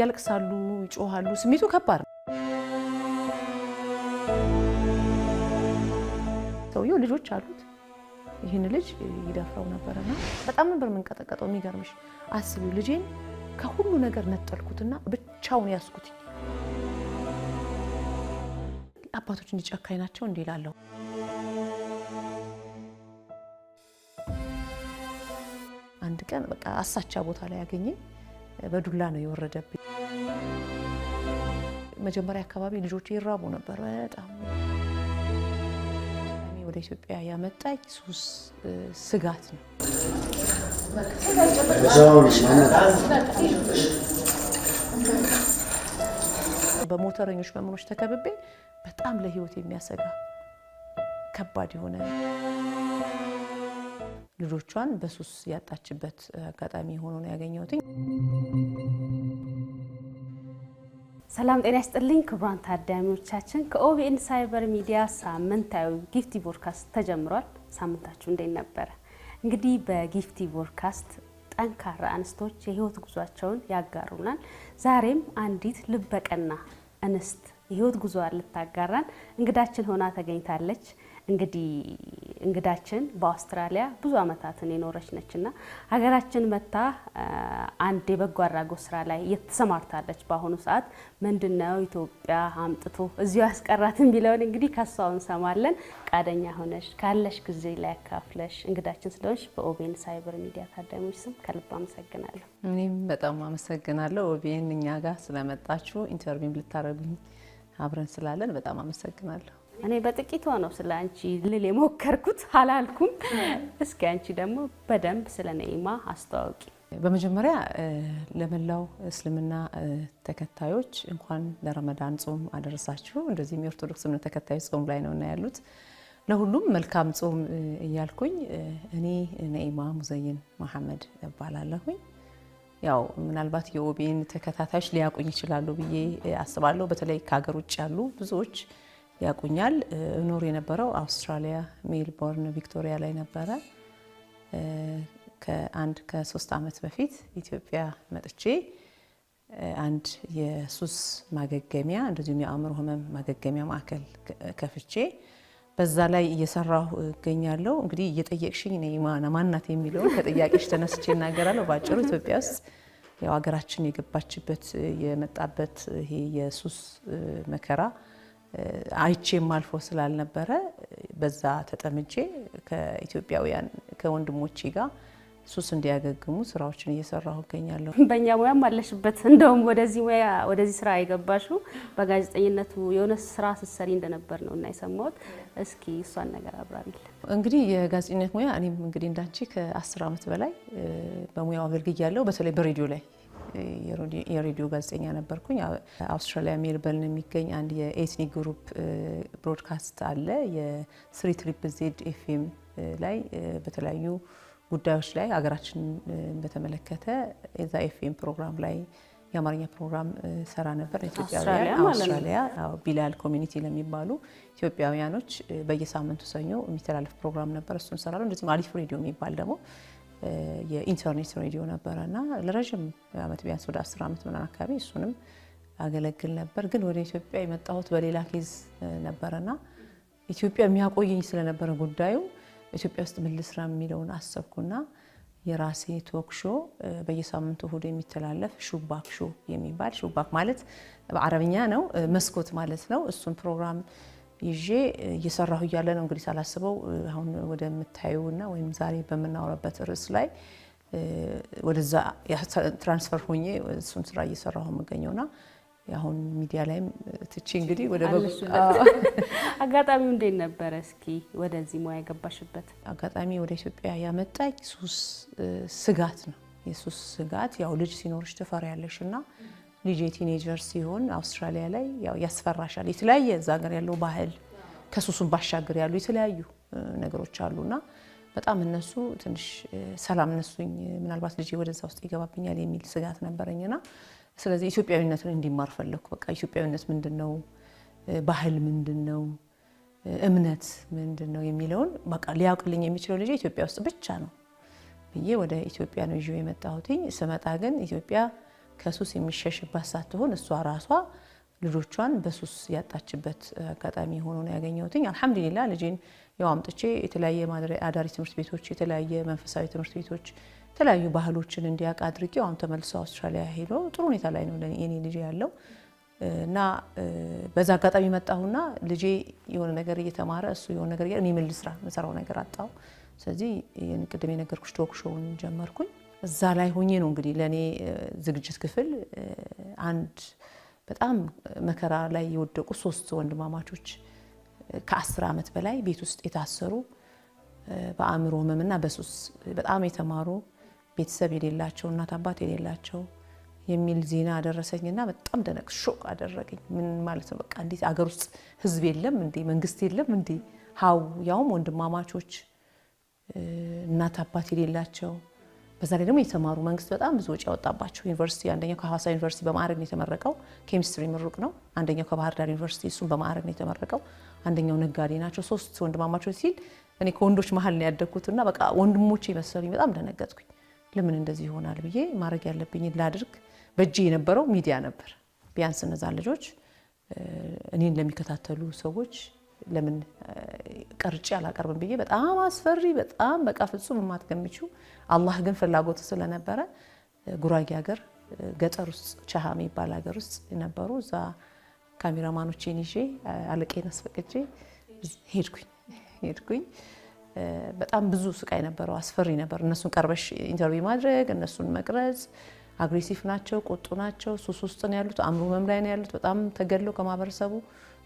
ያለቅሳሉ፣ ይጮሃሉ። ስሜቱ ከባድ ነው። ሰውየው ልጆች አሉት። ይህን ልጅ ይደፍረው ነበርና በጣም ነበር የምንቀጠቀጠው። የሚገርምሽ አስቢው፣ ልጄን ከሁሉ ነገር ነጠልኩትና ብቻውን ያስኩት። አባቶች እንዲጨካኝ ናቸው እንዲህ እላለሁ። አንድ ቀን በቃ አሳቻ ቦታ ላይ ያገኘኝ በዱላ ነው የወረደብኝ። መጀመሪያ አካባቢ ልጆች ይራቡ ነበር በጣም ወደ ኢትዮጵያ ያመጣኝ ሱስ ስጋት ነው። በሞተረኞች መምኖች ተከብቤ በጣም ለህይወት የሚያሰጋ ከባድ የሆነ ልጆቿን በሱስ ያጣችበት አጋጣሚ ሆኖ ነው ያገኘሁትኝ። ሰላም ጤና ይስጥልኝ ክቡራን ታዳሚዎቻችን፣ ከኦቢኤን ሳይበር ሚዲያ ሳምንታዊ ጊፍቲ ቦድካስት ተጀምሯል። ሳምንታችሁ እንዴት ነበረ? እንግዲህ በጊፍቲ ቦድካስት ጠንካራ እንስቶች የህይወት ጉዟቸውን ያጋሩናል። ዛሬም አንዲት ልበቀና እንስት የህይወት ጉዞ ልታጋራን እንግዳችን ሆና ተገኝታለች። እንግዲህ እንግዳችን በአውስትራሊያ ብዙ አመታትን የኖረች ነች ነችና ሀገራችን መታ አንድ የበጎ አድራጎት ስራ ላይ የተሰማርታለች። በአሁኑ ሰዓት ምንድነው ኢትዮጵያ አምጥቶ እዚሁ ያስቀራትን ቢለውን እንግዲህ ከሷው እንሰማለን። ፈቃደኛ ሆነሽ ካለሽ ጊዜ ላይ ያካፍለሽ እንግዳችን ስለሆንሽ በኦቤን ሳይበር ሚዲያ ታዳሚዎች ስም ከልብ አመሰግናለሁ። እኔም በጣም አመሰግናለሁ ኦቤን እኛ ጋር ስለመጣችሁ ኢንተርቪው ልታደረጉኝ አብረን ስላለን በጣም አመሰግናለሁ። እኔ በጥቂቷ ነው ስለ አንቺ ልል የሞከርኩት አላልኩም። እስኪ አንቺ ደግሞ በደንብ ስለ ነኢማ አስተዋውቂ። በመጀመሪያ ለመላው እስልምና ተከታዮች እንኳን ለረመዳን ጾም አደረሳችሁ። እንደዚህም የኦርቶዶክስ እምነት ተከታዮች ጾም ላይ ነው እና ያሉት ለሁሉም መልካም ጾም እያልኩኝ እኔ ነኢማ ሙዘይን መሐመድ እባላለሁኝ። ያው ምናልባት የኦቤን ተከታታዮች ሊያውቁኝ ይችላሉ ብዬ አስባለሁ። በተለይ ከሀገር ውጭ ያሉ ብዙዎች ያቁኛል። እኖር የነበረው አውስትራሊያ ሜልቦርን ቪክቶሪያ ላይ ነበረ። ከአንድ ከሶስት ዓመት በፊት ኢትዮጵያ መጥቼ አንድ የሱስ ማገገሚያ እንደዚሁም የአእምሮ ህመም ማገገሚያ ማዕከል ከፍቼ በዛ ላይ እየሰራሁ እገኛለሁ። እንግዲህ እየጠየቅሽኝ ማና ማናት የሚለው ከጥያቄሽ ተነስቼ እናገራለሁ። በአጭሩ ኢትዮጵያ ውስጥ ያው ሀገራችን የገባችበት የመጣበት ይሄ የሱስ መከራ አይቼ ማልፎ ስላልነበረ በዛ ተጠምጄ ከኢትዮጵያውያን ከወንድሞቼ ጋር ሱስ እንዲያገግሙ ስራዎችን እየሰራሁ እገኛለሁ። በእኛ ሙያም አለሽበት። እንደውም ወደዚህ ሙያ ወደዚህ ስራ የገባሽው በጋዜጠኝነቱ የሆነ ስራ ስትሰሪ እንደነበር ነው እና የሰማሁት። እስኪ እሷን ነገር አብራል። እንግዲህ የጋዜጠኝነት ሙያ እኔም እንግዲህ እንዳንቺ ከአስር አመት በላይ በሙያው አገልግያለሁ። በተለይ በሬዲዮ ላይ የሬዲዮ ጋዜጠኛ ነበርኩኝ። አውስትራሊያ ሜልበርን የሚገኝ አንድ የኤትኒክ ግሩፕ ብሮድካስት አለ። የስሪ ትሪፕል ዜድ ኤፍኤም ላይ በተለያዩ ጉዳዮች ላይ ሀገራችን በተመለከተ የዛ ኤፍኤም ፕሮግራም ላይ የአማርኛ ፕሮግራም ሰራ ነበር። ኢትዮጵያውያን አውስትራሊያ ቢላል ኮሚኒቲ ለሚባሉ ኢትዮጵያውያኖች በየሳምንቱ ሰኞ የሚተላለፍ ፕሮግራም ነበር። እሱን ሰራለሁ። እንደዚሁም አሪፍ ሬዲዮ የሚባል ደግሞ የኢንተርኔት ሬዲዮ ነበረ እና ለረዥም ዓመት ቢያንስ ወደ አስር ዓመት ምናምን አካባቢ እሱንም አገለግል ነበር። ግን ወደ ኢትዮጵያ የመጣሁት በሌላ ኬዝ ነበረና ኢትዮጵያ የሚያቆየኝ ስለነበረ ጉዳዩ ኢትዮጵያ ውስጥ ምን ልስራ የሚለውን አሰብኩና የራሴ ሾ በየሳምንቱ እሁድ የሚተላለፍ ሹባክ ሾ የሚባል ሹባክ ማለት በአረብኛ ነው መስኮት ማለት ነው። እሱን ፕሮግራም ይዤ እየሰራሁ እያለ ነው እንግዲህ ሳላስበው አሁን ወደምታዩና ወይም ዛሬ በምናወራበት ርዕስ ላይ ወደዛ ትራንስፈር ሆኜ እሱን ስራ እየሰራሁ የምገኘውና አሁን ሚዲያ ላይም ትቼ እንግዲህ ወደ አጋጣሚው እንዴት ነበረ? እስኪ ወደዚህ ሙያ የገባሽበት አጋጣሚ ወደ ኢትዮጵያ ያመጣኝ ሱስ ስጋት ነው። የሱስ ስጋት ያው ልጅ ሲኖርሽ ትፈሪያለሽ እና ልጅ የቲኔጀር ሲሆን አውስትራሊያ ላይ ያው ያስፈራሻል። የተለያየ እዛ ሀገር ያለው ባህል ከሱሱን ባሻገር ያሉ የተለያዩ ነገሮች አሉና በጣም እነሱ ትንሽ ሰላም እነሱኝ ምናልባት ልጅ ወደዛ ውስጥ ይገባብኛል የሚል ስጋት ነበረኝና ስለዚህ ኢትዮጵያዊነትን እንዲማር ፈለኩ። በቃ ኢትዮጵያዊነት ምንድን ነው፣ ባህል ምንድን ነው፣ እምነት ምንድን ነው የሚለውን በቃ ሊያውቅልኝ የሚችለው ልጅ ኢትዮጵያ ውስጥ ብቻ ነው ብዬ ወደ ኢትዮጵያ ነው ይዥ የመጣሁትኝ። ስመጣ ግን ኢትዮጵያ ከሱስ የሚሸሽባት ሳትሆን እሷ ራሷ ልጆቿን በሱስ ያጣችበት አጋጣሚ ሆኖ ነው ያገኘሁትኝ። አልሐምዱሊላ ልጄን ያው አምጥቼ የተለያየ አዳሪ ትምህርት ቤቶች፣ የተለያየ መንፈሳዊ ትምህርት ቤቶች፣ የተለያዩ ባህሎችን እንዲያውቅ አድርጌ አሁን ተመልሶ አውስትራሊያ ሄዶ ጥሩ ሁኔታ ላይ ነው የኔ ልጄ ያለው እና በዛ አጋጣሚ መጣሁና ልጄ የሆነ ነገር እየተማረ እሱ የሆነ ነገር እኔ ምን ልስራ የምሰራው ነገር አጣሁ። ስለዚህ ቅድም የነገርኩሽ ቶክ ሾውን ጀመርኩኝ። እዛ ላይ ሆኜ ነው እንግዲህ ለእኔ ዝግጅት ክፍል አንድ በጣም መከራ ላይ የወደቁ ሶስት ወንድማማቾች ከአስር ዓመት በላይ ቤት ውስጥ የታሰሩ በአእምሮ ህመምና በሱስ በጣም የተማሩ ቤተሰብ የሌላቸው እናት አባት የሌላቸው የሚል ዜና አደረሰኝና በጣም ደነቅ ሾቅ አደረገኝ። ምን ማለት ነው? በቃ እንዴት አገር ውስጥ ህዝብ የለም እንዴ? መንግስት የለም እንዴ? ሀው ያውም ወንድማማቾች እናት አባት የሌላቸው በዛ ላይ ደግሞ የተማሩ መንግስት በጣም ብዙ ወጪ ያወጣባቸው ዩኒቨርሲቲ አንደኛው ከሀዋሳ ዩኒቨርሲቲ በማዕረግ ነው የተመረቀው፣ ኬሚስትሪ ምሩቅ ነው። አንደኛው ከባህር ዳር ዩኒቨርሲቲ እሱም በማዕረግ ነው የተመረቀው። አንደኛው ነጋዴ ናቸው። ሶስት ወንድማማቸው ሲል እኔ ከወንዶች መሀል ነው ያደግኩት እና በቃ ወንድሞቼ መሰሉኝ። በጣም ደነገጥኩኝ። ለምን እንደዚህ ይሆናል ብዬ ማድረግ ያለብኝ ላድርግ። በእጄ የነበረው ሚዲያ ነበር። ቢያንስ እነዛ ልጆች እኔን ለሚከታተሉ ሰዎች ለምን ቀርጭ አላቀርብም ብዬ በጣም አስፈሪ በጣም በቃ ፍጹም ማትገምቹ አላህ ግን ፍላጎት ስለነበረ ጉራጌ ሀገር ገጠር ውስጥ ቻሃ የሚባል ሀገር ውስጥ ነበሩ እዛ ካሜራማኖቼን ይዤ አለቄን አስፈቅጄ ሄድኩኝ ሄድኩኝ። በጣም ብዙ ስቃይ ነበረው፣ አስፈሪ ነበር። እነሱን ቀርበሽ ኢንተርቪው ማድረግ፣ እነሱን መቅረጽ። አግሬሲቭ ናቸው፣ ቁጡ ናቸው፣ ሱስ ውስጥ ነው ያሉት፣ አእምሮ ህመም ላይ ነው ያሉት። በጣም ተገለው ከማህበረሰቡ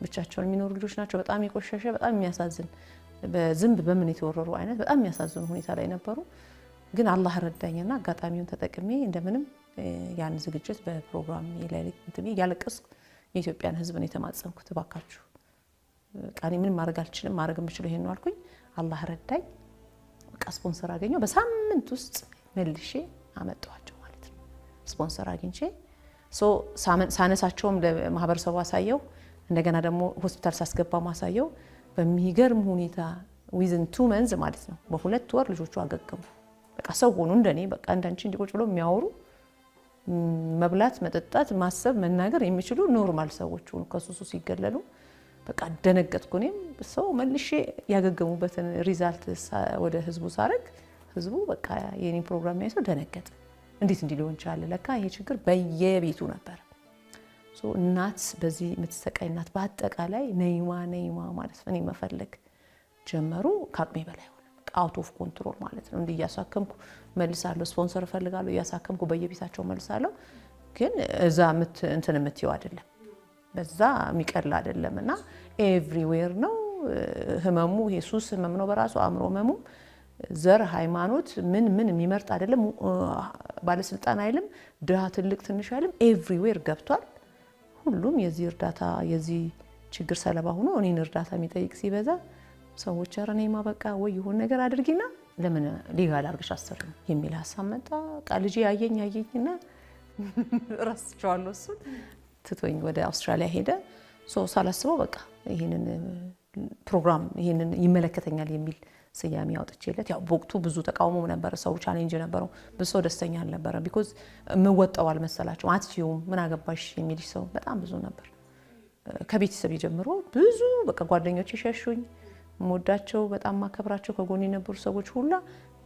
ብቻቸውን የሚኖሩ ልጆች ናቸው። በጣም የቆሸሸ በጣም የሚያሳዝን በዝንብ በምን የተወረሩ አይነት በጣም የሚያሳዝኑ ሁኔታ ላይ ነበሩ። ግን አላህ ረዳኝና አጋጣሚውን ተጠቅሜ እንደምንም ያን ዝግጅት በፕሮግራም ላይ እያለቀስኩ የኢትዮጵያን ሕዝብ ነው የተማጸንኩት። እባካችሁ ቃ ምን ማድረግ አልችልም፣ ማድረግ የምችለው ይሄን አልኩኝ። አላህ ረዳኝ። በቃ ስፖንሰር አገኘው። በሳምንት ውስጥ መልሼ አመጣኋቸው ማለት ነው። ስፖንሰር አግኝቼ ሳነሳቸውም ለማህበረሰቡ አሳየው። እንደገና ደግሞ ሆስፒታል ሳስገባ ማሳየው በሚገርም ሁኔታ ዊዝን ቱ መንዝ ማለት ነው በሁለት ወር ልጆቹ አገገሙ። በቃ ሰው ሆኑ እንደኔ በቃ እንዳንቺ እንዲቆጭ ብሎ የሚያወሩ መብላት፣ መጠጣት፣ ማሰብ፣ መናገር የሚችሉ ኖርማል ሰዎች ሆኑ። ከሱሱ ሲገለሉ በቃ ደነገጥኩ። እኔም ሰው መልሼ ያገገሙበትን ሪዛልት ወደ ህዝቡ ሳረግ ህዝቡ በቃ የኔ ፕሮግራም ያይ ሰው ደነገጠ። እንዴት እንዲህ ሊሆን ቻለ? ለካ ይሄ ችግር በየቤቱ ነበር። እናት በዚህ የምትሰቃይ እናት በአጠቃላይ ነይማ ነይማ ማለት እኔ መፈለግ ጀመሩ። ከአቅሜ በላይ ሆነ። አውት ኦፍ ኮንትሮል ማለት ነው። እንዲህ እያሳከምኩ መልሳለሁ፣ ስፖንሰር እፈልጋለሁ፣ እያሳከምኩ በየቤታቸው መልሳለሁ። ግን እዛ እንትን የምትየው አይደለም፣ በዛ የሚቀል አይደለም። እና ኤቭሪዌር ነው ህመሙ። ሱስ ህመም ነው በራሱ አእምሮ ህመሙ ዘር፣ ሃይማኖት፣ ምን ምን የሚመርጥ አይደለም። ባለስልጣን አይልም፣ ድሃ፣ ትልቅ፣ ትንሽ አይልም። ኤቭሪዌር ገብቷል። ሁሉም የዚህ እርዳታ የዚህ ችግር ሰለባ ሆኖ እኔን እርዳታ የሚጠይቅ ሲበዛ ሰዎች ኧረ እኔማ በቃ ወይ የሆነ ነገር አድርጊና ለምን ሊጋል አድርገሽ አሰሪ የሚል ሀሳብ መጣ። በቃ ልጄ ያየኝ ያየኝና እረስቸዋለሁ። እሱን ትቶኝ ወደ አውስትራሊያ ሄደ። ሳላስበው በቃ ይህንን ፕሮግራም ይህንን ይመለከተኛል የሚል ስያሜ አውጥቼለት ያው በወቅቱ ብዙ ተቃውሞ ነበረ። ሰው ቻሌንጅ ነበረው። ብዙ ሰው ደስተኛ አልነበረ። ቢኮዝ የምወጣው አልመሰላቸው። አትችይውም፣ ምን አገባሽ የሚልሽ ሰው በጣም ብዙ ነበር። ከቤተሰብ ጀምሮ ብዙ በቃ ጓደኞች ይሸሹኝ። የምወዳቸው በጣም ማከብራቸው ከጎን የነበሩ ሰዎች ሁላ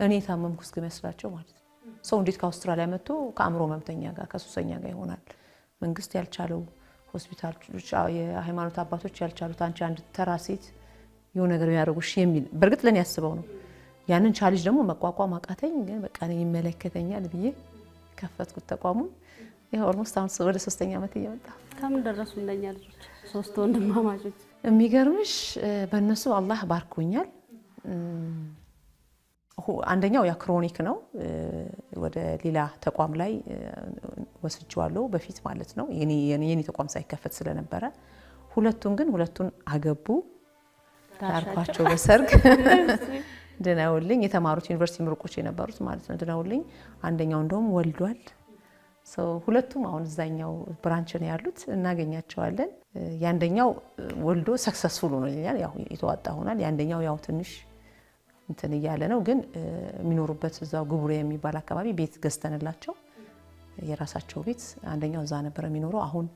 እኔ ታመምኩ እስኪመስላቸው ማለት ነው። ሰው እንዴት ከአውስትራሊያ መጥቶ ከአእምሮ መምተኛ ጋር ከሱሰኛ ጋር ይሆናል? መንግስት ያልቻለው ሆስፒታል፣ የሃይማኖት አባቶች ያልቻሉት አንቺ አንድ ተራ ሴት የሆነ ነገር ያደረጉሽ የሚል በእርግጥ ለእኔ ያስበው ነው። ያንን ቻሌንጅ ደግሞ መቋቋም አቃተኝ። ግን በቃ ይመለከተኛል ብዬ ከፈትኩት ተቋሙን። ይኸው ኦልሞስት አሁን ወደ ሶስተኛ ዓመት እየመጣ ከምን ደረሱ እንደኛ ልጆች ሶስት ወንድማማቾች። የሚገርምሽ በእነሱ አላህ ባርኮኛል። አንደኛው ያ ክሮኒክ ነው። ወደ ሌላ ተቋም ላይ ወስጄዋለሁ በፊት ማለት ነው የኔ ተቋም ሳይከፈት ስለነበረ። ሁለቱን ግን ሁለቱን አገቡ ታርኳቸው በሰርግ ድነውልኝ የተማሩት ዩኒቨርሲቲ ምሩቆች የነበሩት ማለት ነው ድነውልኝ። አንደኛው እንደውም ወልዷል። ሁለቱም አሁን እዛኛው ብራንች ነው ያሉት፣ እናገኛቸዋለን። የአንደኛው ወልዶ ሰክሰስፉል ሆኖልኛል፣ ያው የተዋጣ ሆናል። የአንደኛው ያው ትንሽ እንትን እያለ ነው፣ ግን የሚኖሩበት እዛው ግቡሬ የሚባል አካባቢ ቤት ገዝተንላቸው የራሳቸው ቤት አንደኛው እዛ ነበረ የሚኖረው። አሁን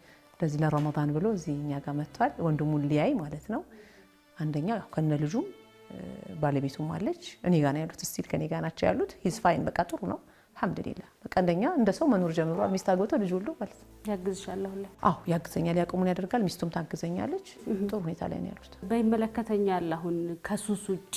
ለዚህ ለረመዳን ብሎ እዚህ እኛ ጋር መጥቷል፣ ወንድሙን ሊያይ ማለት ነው። አንደኛ ከነ ልጁም ባለቤቱም አለች እኔ ጋና ያሉት ስቲል ከኔ ጋ ናቸው ያሉት ሂዝ ፋይን በቃ ጥሩ ነው አልሐምዱሊላ በቃ አንደኛ እንደ ሰው መኖር ጀምሮ ሚስት አግብቶ ልጅ ሁሉ ማለት ነው ያግዝሻለሁ አዎ ያግዘኛል ያቁሙን ያደርጋል ሚስቱም ታግዘኛለች ጥሩ ሁኔታ ላይ ነው ያሉት በይመለከተኛል አሁን ከሱስ ውጭ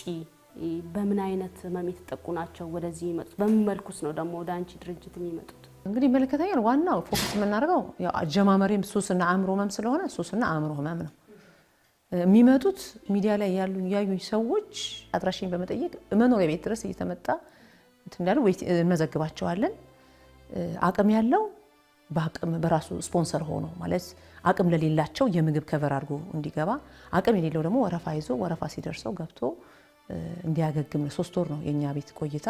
በምን አይነት ህመም የተጠቁ ናቸው ወደዚህ ይመጡት በምን መልኩስ ነው ደግሞ ወደ አንቺ ድርጅት የሚመጡት እንግዲህ ይመለከተኛል ዋናው ፎክስ የምናደርገው አጀማመሬም ሱስና አእምሮ ህመም ስለሆነ ሱስና አእምሮ ህመም ነው የሚመጡት ሚዲያ ላይ ያሉ ያዩኝ ሰዎች አድራሽኝ በመጠየቅ መኖሪያ ቤት ድረስ እየተመጣ እንዳሉ ወይ እንመዘግባቸዋለን። አቅም ያለው በአቅም በራሱ ስፖንሰር ሆኖ ማለት አቅም ለሌላቸው የምግብ ከቨር አድርጎ እንዲገባ፣ አቅም የሌለው ደግሞ ወረፋ ይዞ ወረፋ ሲደርሰው ገብቶ እንዲያገግም ነው። ሶስት ወር ነው የእኛ ቤት ቆይታ።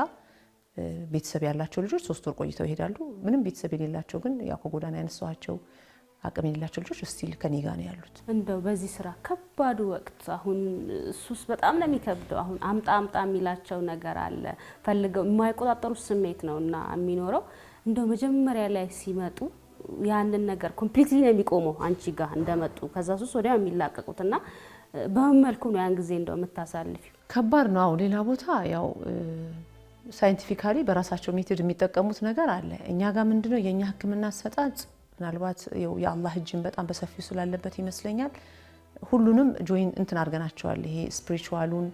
ቤተሰብ ያላቸው ልጆች ሶስት ወር ቆይተው ይሄዳሉ። ምንም ቤተሰብ የሌላቸው ግን ያው ከጎዳና ያነሳኋቸው አቅም የሌላቸው ልጆች እስቲል ከኔ ጋር ነው ያሉት። እንደው በዚህ ስራ ከባዱ ወቅት አሁን እሱስ በጣም ነው የሚከብደው። አሁን አምጣ አምጣ የሚላቸው ነገር አለ፣ ፈልገው የማይቆጣጠሩት ስሜት ነው እና የሚኖረው እንደው መጀመሪያ ላይ ሲመጡ ያንን ነገር ኮምፕሊትሊ ነው የሚቆመው አንቺ ጋር እንደመጡ። ከዛ ሱስ ወዲያ የሚላቀቁት እና በመመልኩ ነው ያን ጊዜ እንደው የምታሳልፊ? ከባድ ነው። አዎ ሌላ ቦታ ያው ሳይንቲፊካሊ በራሳቸው ሜትድ የሚጠቀሙት ነገር አለ። እኛ ጋር ምንድነው የእኛ ህክምና አሰጣጥ ምናልባት የአላህ እጅን በጣም በሰፊው ስላለበት ይመስለኛል ሁሉንም ጆይን እንትን አድርገናቸዋል። ይሄ ስፒሪቹዋሉን፣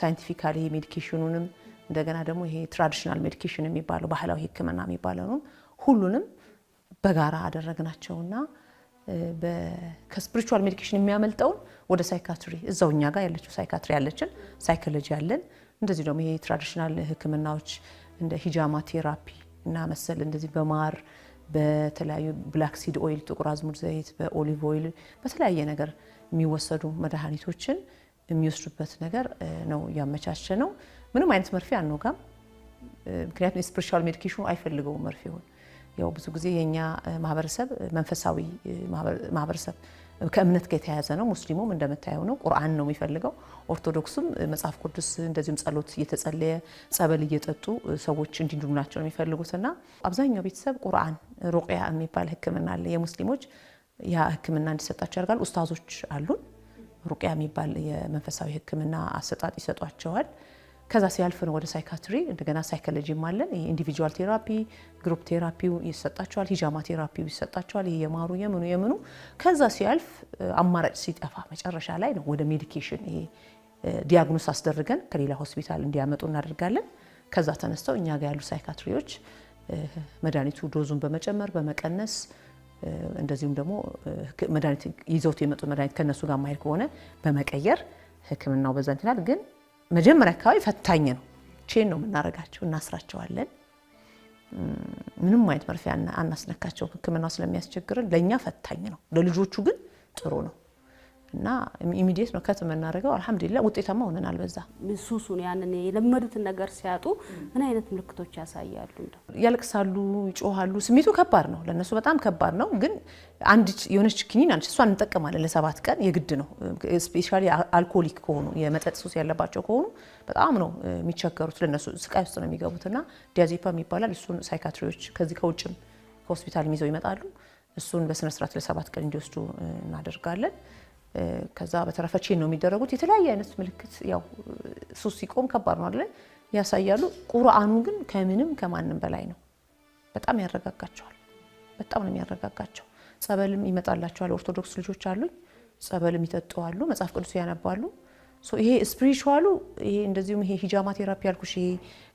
ሳይንቲፊካል፣ ይሄ ሜዲኬሽኑንም እንደገና ደግሞ ይሄ ትራዲሽናል ሜዲኬሽን የሚባለው ባህላዊ ሕክምና የሚባለውን ሁሉንም በጋራ አደረግናቸውና ከስፒሪቹዋል ሜዲኬሽን የሚያመልጠውን ወደ ሳይካትሪ እዛው እኛ ጋር ያለችው ሳይካትሪ ያለችን ሳይኮሎጂ ያለን እንደዚህ ደግሞ ይሄ ትራዲሽናል ሕክምናዎች እንደ ሂጃማ ቴራፒ እና መሰል እንደዚህ በማር በተለያዩ ብላክ ሲድ ኦይል፣ ጥቁር አዝሙድ ዘይት፣ በኦሊቭ ኦይል በተለያየ ነገር የሚወሰዱ መድኃኒቶችን የሚወስዱበት ነገር ነው ያመቻቸ ነው። ምንም አይነት መርፌ አንወጋም። ምክንያቱም የስፔሻል ሜዲኬሽኑ አይፈልገውም መርፌውን ያው ብዙ ጊዜ የኛ ማህበረሰብ መንፈሳዊ ማህበረሰብ ከእምነት ጋር የተያያዘ ነው። ሙስሊሙም እንደምታየው ነው፣ ቁርአን ነው የሚፈልገው። ኦርቶዶክሱም መጽሐፍ ቅዱስ እንደዚሁም ጸሎት እየተጸለየ ጸበል እየጠጡ ሰዎች እንዲድኑ ናቸው የሚፈልጉትና አብዛኛው ቤተሰብ ቁርአን፣ ሩቅያ የሚባል ሕክምና አለ የሙስሊሞች ያ ሕክምና እንዲሰጣቸው ያደርጋል። ኡስታዞች አሉን። ሩቅያ የሚባል የመንፈሳዊ ሕክምና አሰጣጥ ይሰጧቸዋል። ከዛ ሲያልፍ ነው ወደ ሳይካትሪ እንደገና ሳይኮሎጂም አለን። ኢንዲቪጁዋል ቴራፒ፣ ግሩፕ ቴራፒው ይሰጣቸዋል፣ ሂጃማ ቴራፒው ይሰጣቸዋል። ይሄ የማሩ የምኑ የምኑ ከዛ ሲያልፍ አማራጭ ሲጠፋ መጨረሻ ላይ ነው ወደ ሜዲኬሽን ይሄ ዲያግኖስ አስደርገን ከሌላ ሆስፒታል እንዲያመጡ እናደርጋለን። ከዛ ተነስተው እኛ ጋር ያሉ ሳይካትሪዎች መድኃኒቱ ዶዙን በመጨመር በመቀነስ እንደዚሁም ደግሞ መድኃኒት ይዘውት የመጡት መድኃኒት ከእነሱ ጋር ማሄድ ከሆነ በመቀየር ህክምናው በዛ እንትናል ግን መጀመሪያ አካባቢ ፈታኝ ነው። ቼን ነው የምናደርጋቸው፣ እናስራቸዋለን። ምንም አይነት መርፌ አናስነካቸው ህክምና ስለሚያስቸግርን ለእኛ ፈታኝ ነው። ለልጆቹ ግን ጥሩ ነው። እና ኢሚዲየት ነው ከት የምናደርገው። አልሐምዱሊላ ውጤታማ ሆነናል። በዛ ሱሱን ያንን የለመዱትን ነገር ሲያጡ ምን አይነት ምልክቶች ያሳያሉ? ያለቅሳሉ፣ ይጮሃሉ። ስሜቱ ከባድ ነው ለእነሱ በጣም ከባድ ነው። ግን አንድ የሆነች ኪኒን አለች፣ እሷ እንጠቀማለን ለሰባት ቀን የግድ ነው። ስፔሻሊ አልኮሊክ ከሆኑ የመጠጥ ሱስ ያለባቸው ከሆኑ በጣም ነው የሚቸገሩት። ለእነሱ ስቃይ ውስጥ ነው የሚገቡት። ና ዲያዜፓም ይባላል እሱን ሳይካትሪዎች ከዚህ ከውጭም ከሆስፒታል ይዘው ይመጣሉ። እሱን በስነስርዓት ለሰባት ቀን እንዲወስዱ እናደርጋለን። ከዛ በተረፈ ቼን ነው የሚደረጉት። የተለያየ አይነት ምልክት ያው ሱስ ሲቆም ከባድ ነው አይደለ? ያሳያሉ። ቁርአኑ ግን ከምንም ከማንም በላይ ነው። በጣም ያረጋጋቸዋል። በጣም ነው የሚያረጋጋቸው። ጸበልም ይመጣላቸዋል። ኦርቶዶክስ ልጆች አሉኝ። ጸበልም ይጠጠዋሉ፣ መጽሐፍ ቅዱስ ያነባሉ። ይሄ ስፒሪቹዋሉ ይሄ እንደዚሁም ይሄ ሂጃማ ቴራፒ ያልኩሽ ይሄ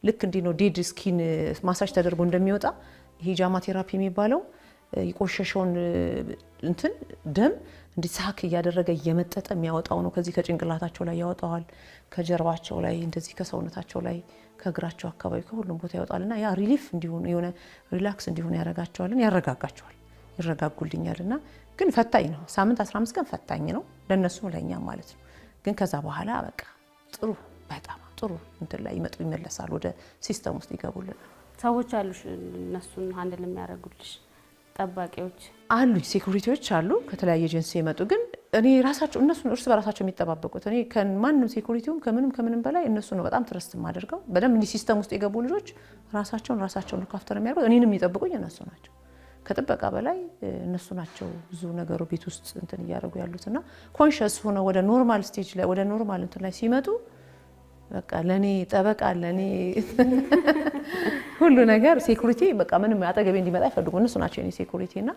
ልክ እንዲህ ነው ዴድ ስኪን ማሳጅ ተደርጎ እንደሚወጣ ሂጃማ ቴራፒ የሚባለው የቆሸሸውን እንትን ደም እንዲሳክ እያደረገ እየመጠጠ የሚያወጣው ነው። ከዚህ ከጭንቅላታቸው ላይ ያወጣዋል፣ ከጀርባቸው ላይ እንደዚህ፣ ከሰውነታቸው ላይ፣ ከእግራቸው አካባቢ ከሁሉም ቦታ ያወጣል እና ያ ሪሊፍ እንዲሆኑ የሆነ ሪላክስ እንዲሆኑ ያረጋቸዋልን ያረጋጋቸዋል፣ ይረጋጉልኛል እና ግን ፈታኝ ነው። ሳምንት 15 ቀን ፈታኝ ነው ለእነሱም ለእኛም ማለት ነው። ግን ከዛ በኋላ በቃ ጥሩ በጣም ጥሩ እንትን ላይ ይመጡ ይመለሳል፣ ወደ ሲስተም ውስጥ ይገቡልናል። ሰዎች አሉሽ እነሱን አንድ የሚያደርጉልሽ ጠባቂዎች አሉ፣ ሴኩሪቲዎች አሉ ከተለያየ ኤጀንሲ የመጡ ግን እኔ ራሳቸው እነሱ እርስ በራሳቸው የሚጠባበቁት እኔ ከማንም ሴኩሪቲውም ከምንም ከምንም በላይ እነሱ ነው በጣም ትረስት የማደርገው። በደንብ እንዲህ ሲስተም ውስጥ የገቡ ልጆች ራሳቸውን ራሳቸውን ካፍተር የሚያደርጉት እኔንም የሚጠብቁኝ እነሱ ናቸው። ከጥበቃ በላይ እነሱ ናቸው ብዙ ነገሩ ቤት ውስጥ እንትን እያደረጉ ያሉትና ኮንሽስ ሆነው ወደ ኖርማል ስቴጅ ላይ ወደ ኖርማል እንትን ላይ ሲመጡ በቃ ለኔ ጠበቃ ለኔ ሁሉ ነገር ሴኩሪቲ በቃ ምንም አጠገቤ እንዲመጣ አይፈልጉ እነሱ ናቸው የኔ ሴኩሪቲ እና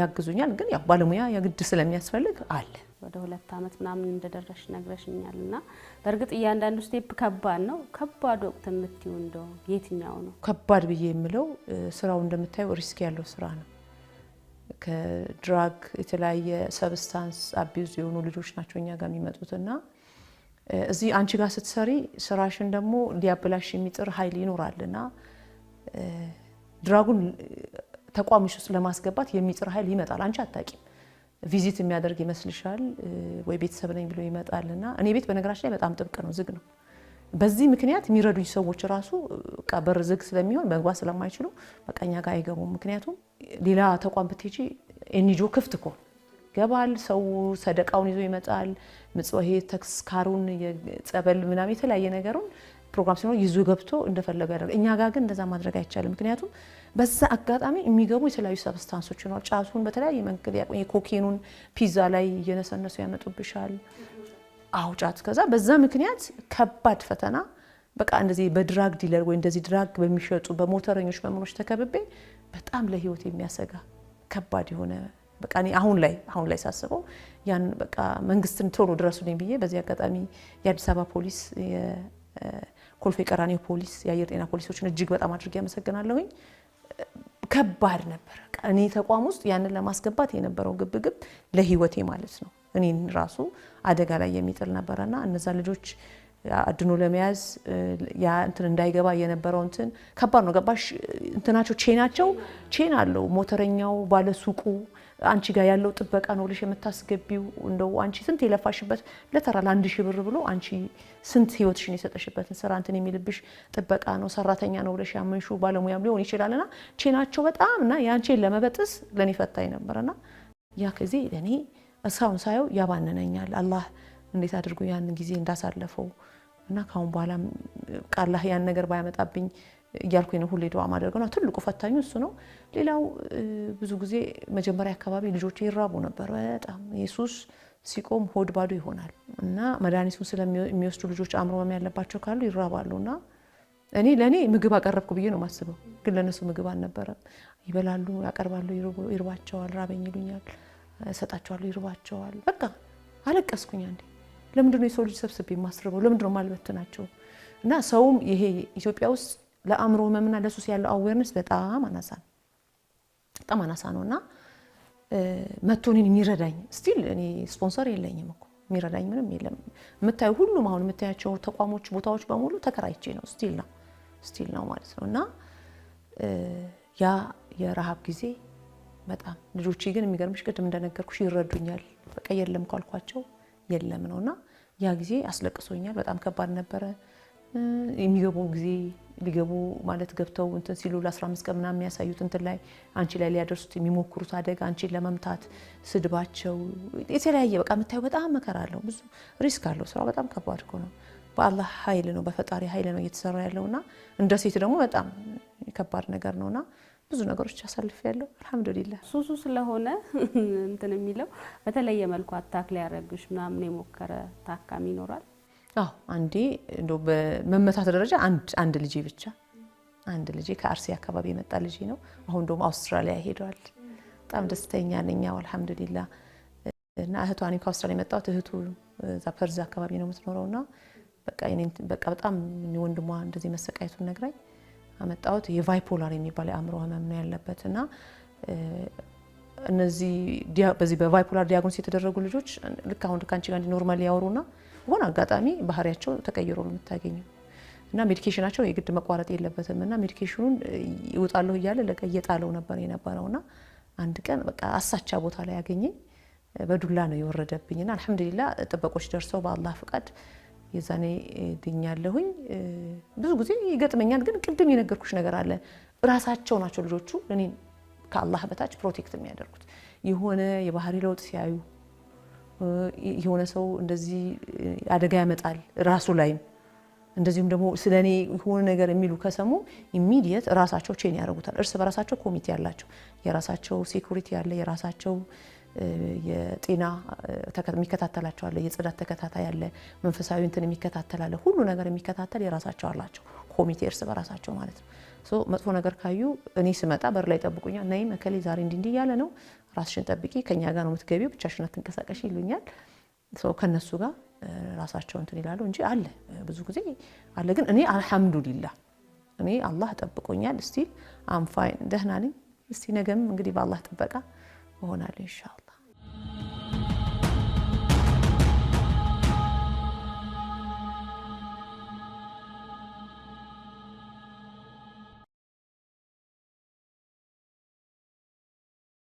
ያግዙኛል። ግን ያው ባለሙያ የግድ ስለሚያስፈልግ አለ። ወደ ሁለት ዓመት ምናምን እንደደረሽ ነግረሽኛል። እና በእርግጥ እያንዳንዱ ስቴፕ ከባድ ነው። ከባድ ወቅት የምትይው እንደው የትኛው ነው ከባድ ብዬ የምለው? ስራው እንደምታየው ሪስክ ያለው ስራ ነው። ከድራግ የተለያየ ሰብስታንስ አቢዩዝ የሆኑ ልጆች ናቸው እኛ ጋር የሚመጡትና እዚህ አንቺ ጋር ስትሰሪ ስራሽን ደግሞ ሊያበላሽ የሚጥር ኃይል ይኖራልና ድራጉን ተቋምሽ ውስጥ ለማስገባት የሚጥር ኃይል ይመጣል። አንቺ አታቂም። ቪዚት የሚያደርግ ይመስልሻል ወይ ቤተሰብ ነኝ ብሎ ይመጣልና እኔ ቤት በነገራችን ላይ በጣም ጥብቅ ነው፣ ዝግ ነው። በዚህ ምክንያት የሚረዱኝ ሰዎች ራሱ በር ዝግ ስለሚሆን መግባት ስለማይችሉ በቀኛ ጋር አይገቡም። ምክንያቱም ሌላ ተቋም ብትሄጂ ኤንጂኦ ክፍት እኮ ገባል፣ ሰው ሰደቃውን ይዞ ይመጣል፣ ምጽዋሄ ተስካሩን ጸበል ምናምን የተለያየ ነገሩን ፕሮግራም ሲኖር ይዞ ገብቶ እንደፈለገ ያደርጋል። እኛ ጋር ግን እንደዛ ማድረግ አይቻልም። ምክንያቱም በዛ አጋጣሚ የሚገቡ የተለያዩ ሰብስታንሶች ይኖራል። ጫቱን በተለያየ መንገድ የኮኬኑን ፒዛ ላይ እየነሰነሱ ያመጡብሻል። አሁ ጫት። ከዛ በዛ ምክንያት ከባድ ፈተና በቃ እንደዚህ በድራግ ዲለር ወይ እንደዚህ ድራግ በሚሸጡ በሞተረኞች መምኖች ተከብቤ በጣም ለህይወት የሚያሰጋ ከባድ የሆነ በቃ እኔ አሁን ላይ አሁን ላይ ሳስበው ያን በቃ መንግስትን ቶሎ ድረሱልኝ ብዬ በዚህ አጋጣሚ የአዲስ አበባ ፖሊስ፣ የኮልፌ ቀራኒዮ ፖሊስ፣ የአየር ጤና ፖሊሶችን እጅግ በጣም አድርጌ ያመሰግናለሁኝ። ከባድ ነበር። እኔ ተቋም ውስጥ ያንን ለማስገባት የነበረው ግብግብ ለህይወቴ ማለት ነው እኔን ራሱ አደጋ ላይ የሚጥል ነበረና እነዛ ልጆች አድኖ ለመያዝ ያ እንትን እንዳይገባ የነበረው እንትን ከባድ ነው። ገባሽ? እንትናቸው ቼናቸው ቼን አለው ሞተረኛው፣ ባለሱቁ አንቺ ጋር ያለው ጥበቃ ነው ልሽ የምታስገቢው እንደው አንቺ ስንት የለፋሽበት ለተራ ለአንድ ሺህ ብር ብሎ አንቺ ስንት ህይወትሽን የሰጠሽበትን ስራ እንትን የሚልብሽ ጥበቃ ነው ሰራተኛ ነው ብለሽ ያመንሹ ባለሙያም ሊሆን ይችላል። ና ቼናቸው በጣም እና ያንቺን ለመበጥስ ለእኔ ፈታኝ ነበር። ና ያ ጊዜ ለእኔ እስካሁን ሳየው ያባንነኛል። አላህ እንዴት አድርጎ ያን ጊዜ እንዳሳለፈው እና ካሁን በኋላ ቃላህ ያን ነገር ባያመጣብኝ እያልኩኝ ነው ሁሌ ድዋ ማደርገው ነው። ትልቁ ፈታኙ እሱ ነው። ሌላው ብዙ ጊዜ መጀመሪያ አካባቢ ልጆች ይራቡ ነበር በጣም ኢየሱስ ሲቆም ሆድ ባዶ ይሆናል እና መድኃኒቱን ስለሚወስዱ ልጆች አእምሮ ህመም ያለባቸው ካሉ ይራባሉ እና እኔ ለእኔ ምግብ አቀረብኩ ብዬ ነው የማስበው፣ ግን ለእነሱ ምግብ አልነበረም። ይበላሉ፣ ያቀርባሉ፣ ይርባቸዋል፣ ራበኝ ይሉኛል፣ እሰጣቸዋለሁ፣ ይርባቸዋል። በቃ አለቀስኩኝ። አንዴ ለምንድነው የሰው ልጅ ሰብስቤ የማስርበው? ለምንድነው ማልበትናቸው? እና ሰውም ይሄ ኢትዮጵያ ውስጥ ለአእምሮ ህመምና ለሱስ ያለው አዌርነስ በጣም አናሳ ነው፣ በጣም አናሳ ነው እና መቶ እኔን የሚረዳኝ ስቲል እኔ ስፖንሰር የለኝም እኮ የሚረዳኝ ምንም የለም። የምታዩ ሁሉም አሁን የምታያቸው ተቋሞች፣ ቦታዎች በሙሉ ተከራይቼ ነው ስቲል ነው ስቲል ነው ማለት ነው እና ያ የረሃብ ጊዜ በጣም ልጆቼ ግን የሚገርምሽ ቅድም እንደነገርኩሽ ይረዱኛል። በቃ የለም ካልኳቸው የለም ነው እና ያ ጊዜ አስለቅሶኛል። በጣም ከባድ ነበረ የሚገቡ ጊዜ ሊገቡ ማለት ገብተው እንትን ሲሉ ለ15 ቀን ምናምን የሚያሳዩት እንትን ላይ አንቺ ላይ ሊያደርሱት የሚሞክሩት አደጋ አንቺን ለመምታት ስድባቸው የተለያየ በቃ የምታየው በጣም መከራ አለው። ብዙ ሪስክ አለው። ስራው በጣም ከባድ እኮ ነው። በአላህ ኃይል ነው በፈጣሪ ኃይል ነው እየተሰራ ያለውና እንደ ሴት ደግሞ በጣም ከባድ ነገር ነውና ብዙ ነገሮች አሳልፍ ያለው አልሐምዱሊላህ። ሱሱ ስለሆነ እንትን የሚለው በተለየ መልኩ አታክ ሊያረግሽ ምናምን የሞከረ ታካሚ ይኖራል። አዎ አንዴ እንደው በመመታት ደረጃ አንድ አንድ ልጄ ብቻ አንድ ልጄ ከአርሲ አካባቢ የመጣ ልጄ ነው። አሁን ደግሞ አውስትራሊያ ሄዷል። በጣም ደስተኛ ነኝ። ያው አልሐምዱሊላ እና እህቷ እኔ ከአውስትራሊያ የመጣሁት እህቱ እዛ ፐርዝ አካባቢ ነው የምትኖረውና በቃ እኔ በቃ በጣም ወንድሟ እንደዚህ መሰቃየቱን ነግራኝ አመጣሁት። የቫይፖላር የሚባል የአእምሮ ህመም ነው ያለበት እና እነዚህ በዚህ በቫይፖላር ዲያግኖስ የተደረጉ ልጆች ልክ አሁን ጋር እንዲህ ያወሩና በሆነ አጋጣሚ ባህሪያቸው ተቀይሮ ነው የምታገኘው እና ሜዲኬሽናቸው የግድ መቋረጥ የለበትም እና ሜዲኬሽኑን ይውጣለሁ እያለ እየጣለው ነበር የነበረው እና አንድ ቀን በቃ አሳቻ ቦታ ላይ ያገኘኝ በዱላ ነው የወረደብኝ ና አልሐምዱሊላ ጥበቆች ደርሰው በአላህ ፍቃድ የዛኔ ድኛለሁኝ። ብዙ ጊዜ ይገጥመኛል፣ ግን ቅድም የነገርኩሽ ነገር አለ። እራሳቸው ናቸው ልጆቹ እኔን ከአላህ በታች ፕሮቴክት የሚያደርጉት የሆነ የባህሪ ለውጥ ሲያዩ የሆነ ሰው እንደዚህ አደጋ ያመጣል ራሱ ላይም እንደዚሁም ደግሞ ስለ እኔ የሆነ ነገር የሚሉ ከሰሙ ኢሚዲየት ራሳቸው ቼን ያደርጉታል። እርስ በራሳቸው ኮሚቴ ያላቸው የራሳቸው ሴኩሪቲ ያለ የራሳቸው የጤና የሚከታተላቸው አለ፣ የጽዳት ተከታታይ አለ፣ መንፈሳዊ እንትን የሚከታተል አለ። ሁሉ ነገር የሚከታተል የራሳቸው አላቸው ኮሚቴ እርስ በራሳቸው ማለት ነው። መጥፎ ነገር ካዩ እኔ ስመጣ በር ላይ ጠብቁኛል። ነይ መከሌ ዛሬ እንዲህ እንዲህ እያለ ነው፣ ራስሽን ጠብቂ፣ ከኛ ጋር ነው የምትገቢው፣ ብቻሽን አትንቀሳቀሽ ይሉኛል። ከነሱ ጋር ራሳቸው እንትን ይላሉ እንጂ አለ፣ ብዙ ጊዜ አለ። ግን እኔ አልሐምዱሊላ እኔ አላህ ጠብቆኛል። ስቲል አምፋይን ደህና ነኝ። እስቲ ነገም እንግዲህ በአላህ ጥበቃ እሆናለሁ ኢንሻአላህ።